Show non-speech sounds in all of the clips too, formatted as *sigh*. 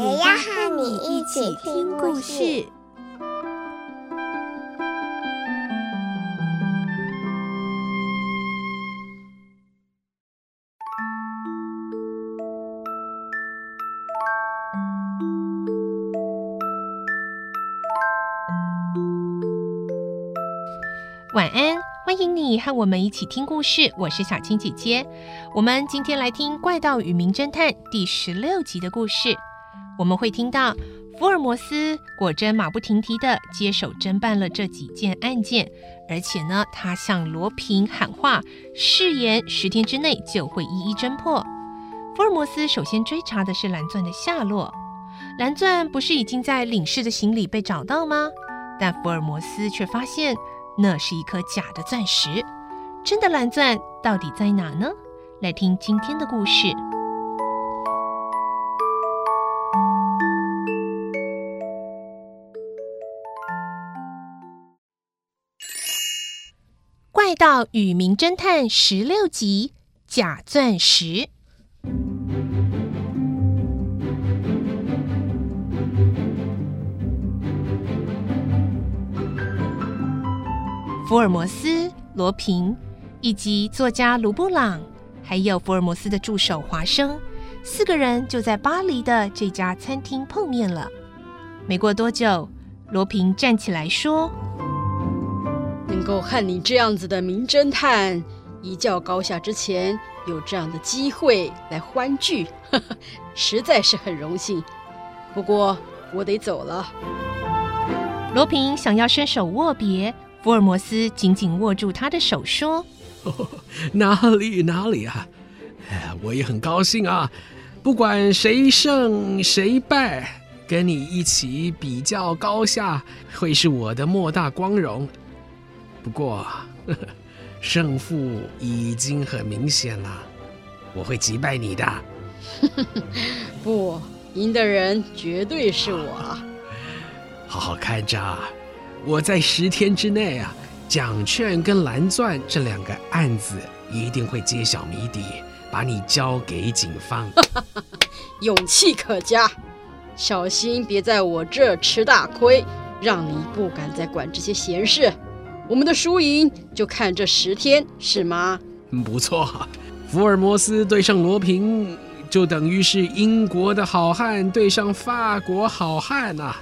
我要，要和你一起聽故事。晚安，歡迎你和我們一起聽故事。我是小青姐姐，我們今天來聽《怪盜與名偵探》第十六集的故事。我們會聽到福爾摩斯果真馬不停蹄地接手偵辦了這幾件案件，而且呢，他向羅平喊話，誓言十天之內就會一一偵破。福爾摩斯首先追查的是藍鑽的下落，藍鑽不是已經在領事的行李被找到嗎？但福爾摩斯卻發現那是一顆假的鑽石，真的藍鑽到底在哪呢？來聽今天的故事。盜《與名偵探十六集》假鑽石，福爾摩斯、羅平以及作家盧布朗，還有福爾摩斯的助手華生，四個人就在巴黎的這家餐廳碰面了。沒過多久，羅平站起來說。能夠和你這樣子的名偵探一較高下之前，有這樣的機會來歡聚，呵呵，實在是很榮幸。不過我得走了。羅平想要伸手握別，福爾摩斯緊緊握住他的手說：“哦、哪裡哪裡啊！哎，我也很高興啊！不管誰勝誰敗，跟你一起比較高下，會是我的莫大光榮。”不過，勝負已經很明顯了，我會擊敗你的。 *laughs* 不，贏的人絕對是我。 *laughs* 好好看着啊，我在十天之內啊，獎券跟藍鑽這兩個案子一定會揭曉謎底，把你交給警方。 *laughs* 勇氣可嘉，小心別在我這吃大虧，讓你不敢再管這些閒事。我們的輸贏就看這十天，是嗎？不錯，福爾摩斯對上羅平，就等於是英國的好漢對上法國好漢吶！啊，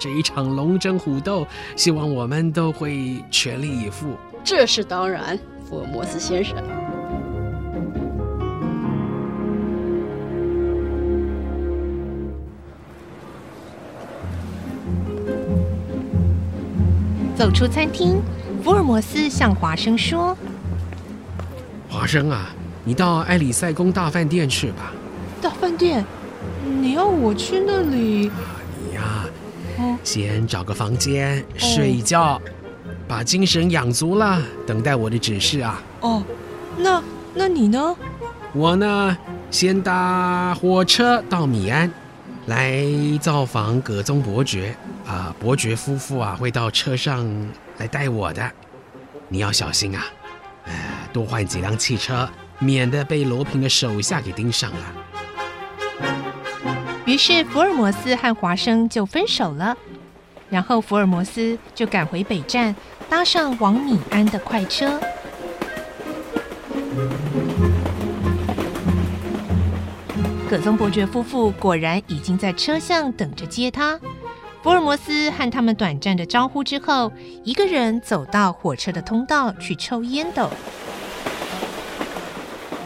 這一場龍爭虎鬥，希望我們都會全力以赴。這是當然，福爾摩斯先生。走出餐廳。福爾摩斯向華生說：“華生啊，你到埃里塞宮大飯店去吧。大飯店，你要我去那裡？啊、你呀、啊哦，先找個房間睡一覺、哦，把精神養足了，等待我的指示啊。哦，那那你呢？我呢，先搭火車到米安，來造訪葛宗伯爵啊。伯爵夫婦啊，會到車上。”來帶我的，你要小心啊！哎，多換幾輛汽車，免得被羅平的手下給盯上了。於是福爾摩斯和華生就分手了，然後福爾摩斯就趕回北站，搭上王米安的快車。葛松伯爵夫婦果然已經在車廂等着接他。福爾摩斯和他們短暫的招呼之後，一個人走到火車的通道去抽煙斗。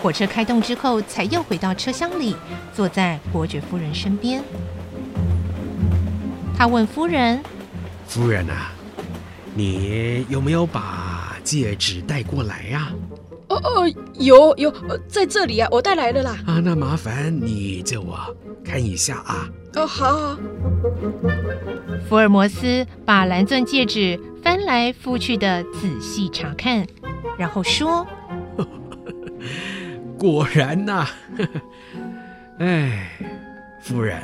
火車開動之後，才又回到車廂裡，坐在伯爵夫人身邊。他問夫人：“夫人啊，你有沒有把戒指帶過來啊？”哦哦，有有，在這裡啊，我帶來了啦。啊，那麻煩你借我看一下啊。哦，好，好。福爾摩斯把藍鑽戒指翻來覆去的仔細查看，然後說：“ *laughs* 果然吶、啊，哎， *laughs* 夫人，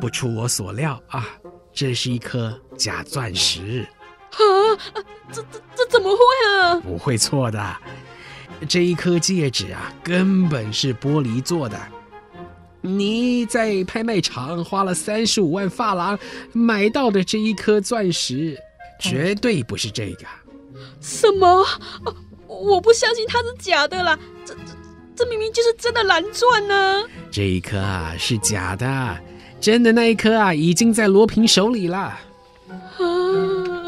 不出我所料啊，這是一顆假鑽石。啊”啊，這這這怎麼會啊？不會錯的。這一顆戒指啊，根本是玻璃做的。你在拍賣場花了三十五萬法郎買到的這一顆鑽石，絕對不是這個。什麼？啊，我不相信它是假的啦！這這這明明就是真的藍鑽呢！這一顆啊是假的，真的那一顆啊已經在羅平手裡啦。 *laughs*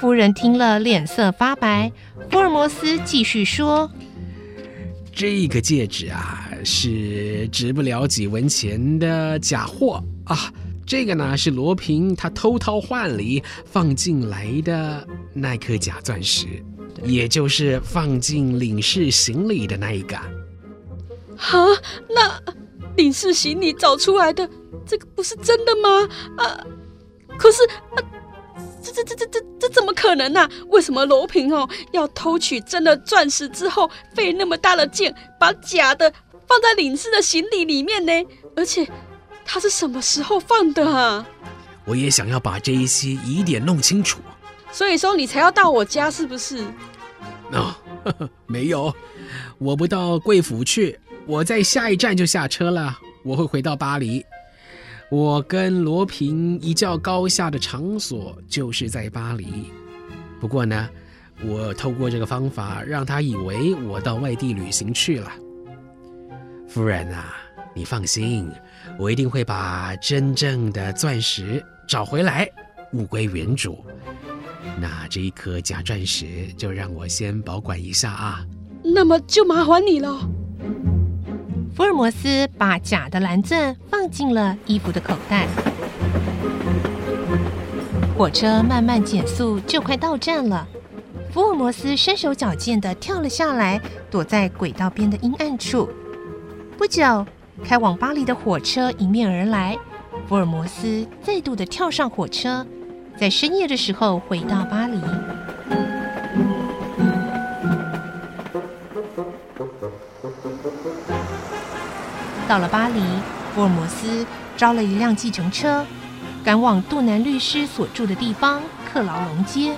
夫人聽了臉色發白。福爾摩斯繼續說：“這個戒指啊，是值不了幾文錢的假貨啊。這個呢，是羅平他偷偷換裡放進來的那顆假鑽石，也就是放進領事行李的那一個。啊，那領事行李找出來的這個不是真的嗎？啊，可是啊，這這這這這。”怎麼可能呢、啊？為什麼羅蘋哦要偷取真的鑽石之後，費那麼大的勁把假的放在領事的行李裡面呢？而且他是什麼時候放的啊？我也想要把這一些疑點弄清楚。所以說你才要到我家是不是？哦、oh,，沒有，我不到貴府去，我在下一站就下車了，我會回到巴黎。我跟羅平一較高下的場所就是在巴黎，不過呢，我透過這個方法讓他以為我到外地旅行去了。夫人吶、啊，你放心，我一定會把真正的鑽石找回來，物歸原主。那這一顆假鑽石就讓我先保管一下啊。那麼就麻煩你了。福爾摩斯把假的藍鑽放進了衣服的口袋。火車慢慢減速，就快到站了。福爾摩斯身手矯健的跳了下來，躲在軌道邊的陰暗處。不久，開往巴黎的火車迎面而來。福爾摩斯再度的跳上火車，在深夜的時候回到巴黎。到了巴黎，福爾摩斯招了一輛計程車，趕往杜南律師所住的地方——克勞龍街。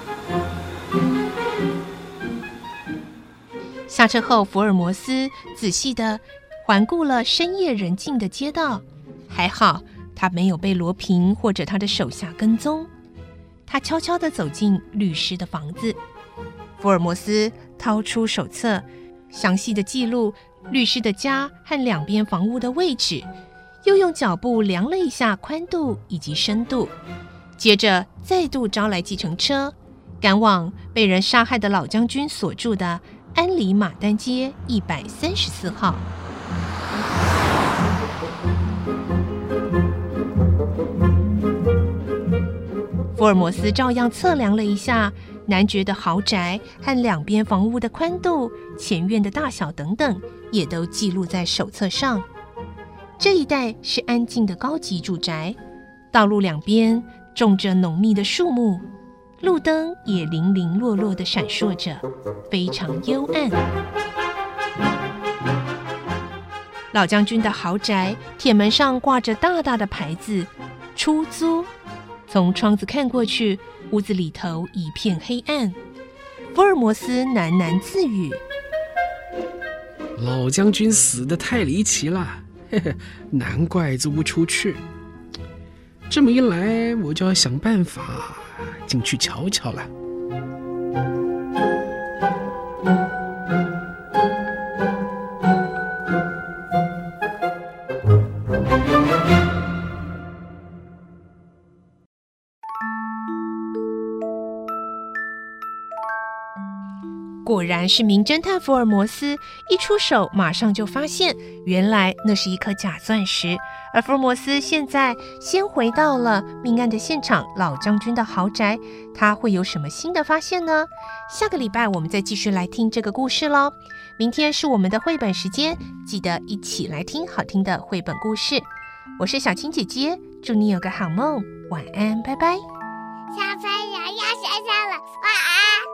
下車後，福爾摩斯仔細的環顧了深夜人靜的街道，還好他沒有被羅平或者他的手下跟蹤。他悄悄地走進律師的房子，福爾摩斯掏出手冊。詳細的記錄律師的家和兩邊房屋的位置，又用腳步量了一下寬度以及深度，接着再度招來計程車，趕往被人殺害的老將軍所住的安裡馬丹街一百三十四號。福爾摩斯照樣測量了一下。男爵的豪宅和兩邊房屋的寬度、前院的大小等等，也都記錄在手冊上。這一帶是安靜的高級住宅，道路兩邊種着濃密的樹木，路燈也零零落落的閃爍着，非常幽暗。老將軍的豪宅，鐵門上掛着大大的牌子“出租”，從窗子看過去，屋子裡頭一片黑暗，福爾摩斯喃喃自語：“老將軍死得太離奇了，嘿嘿，難怪租不出去。這麼一來，我就要想辦法進去瞧瞧了。”果然是名偵探福爾摩斯，一出手馬上就發現，原來那是一顆假鑽石。而福爾摩斯現在先回到了命案的現場，老將軍的豪宅，他會有什麼新的發現呢？下個禮拜我們再繼續來聽這個故事嘍。明天是我們的繪本時間，記得一起來聽好聽的繪本故事。我是小青姐姐，祝你有個好夢，晚安，拜拜。小朋友要睡覺了，晚安。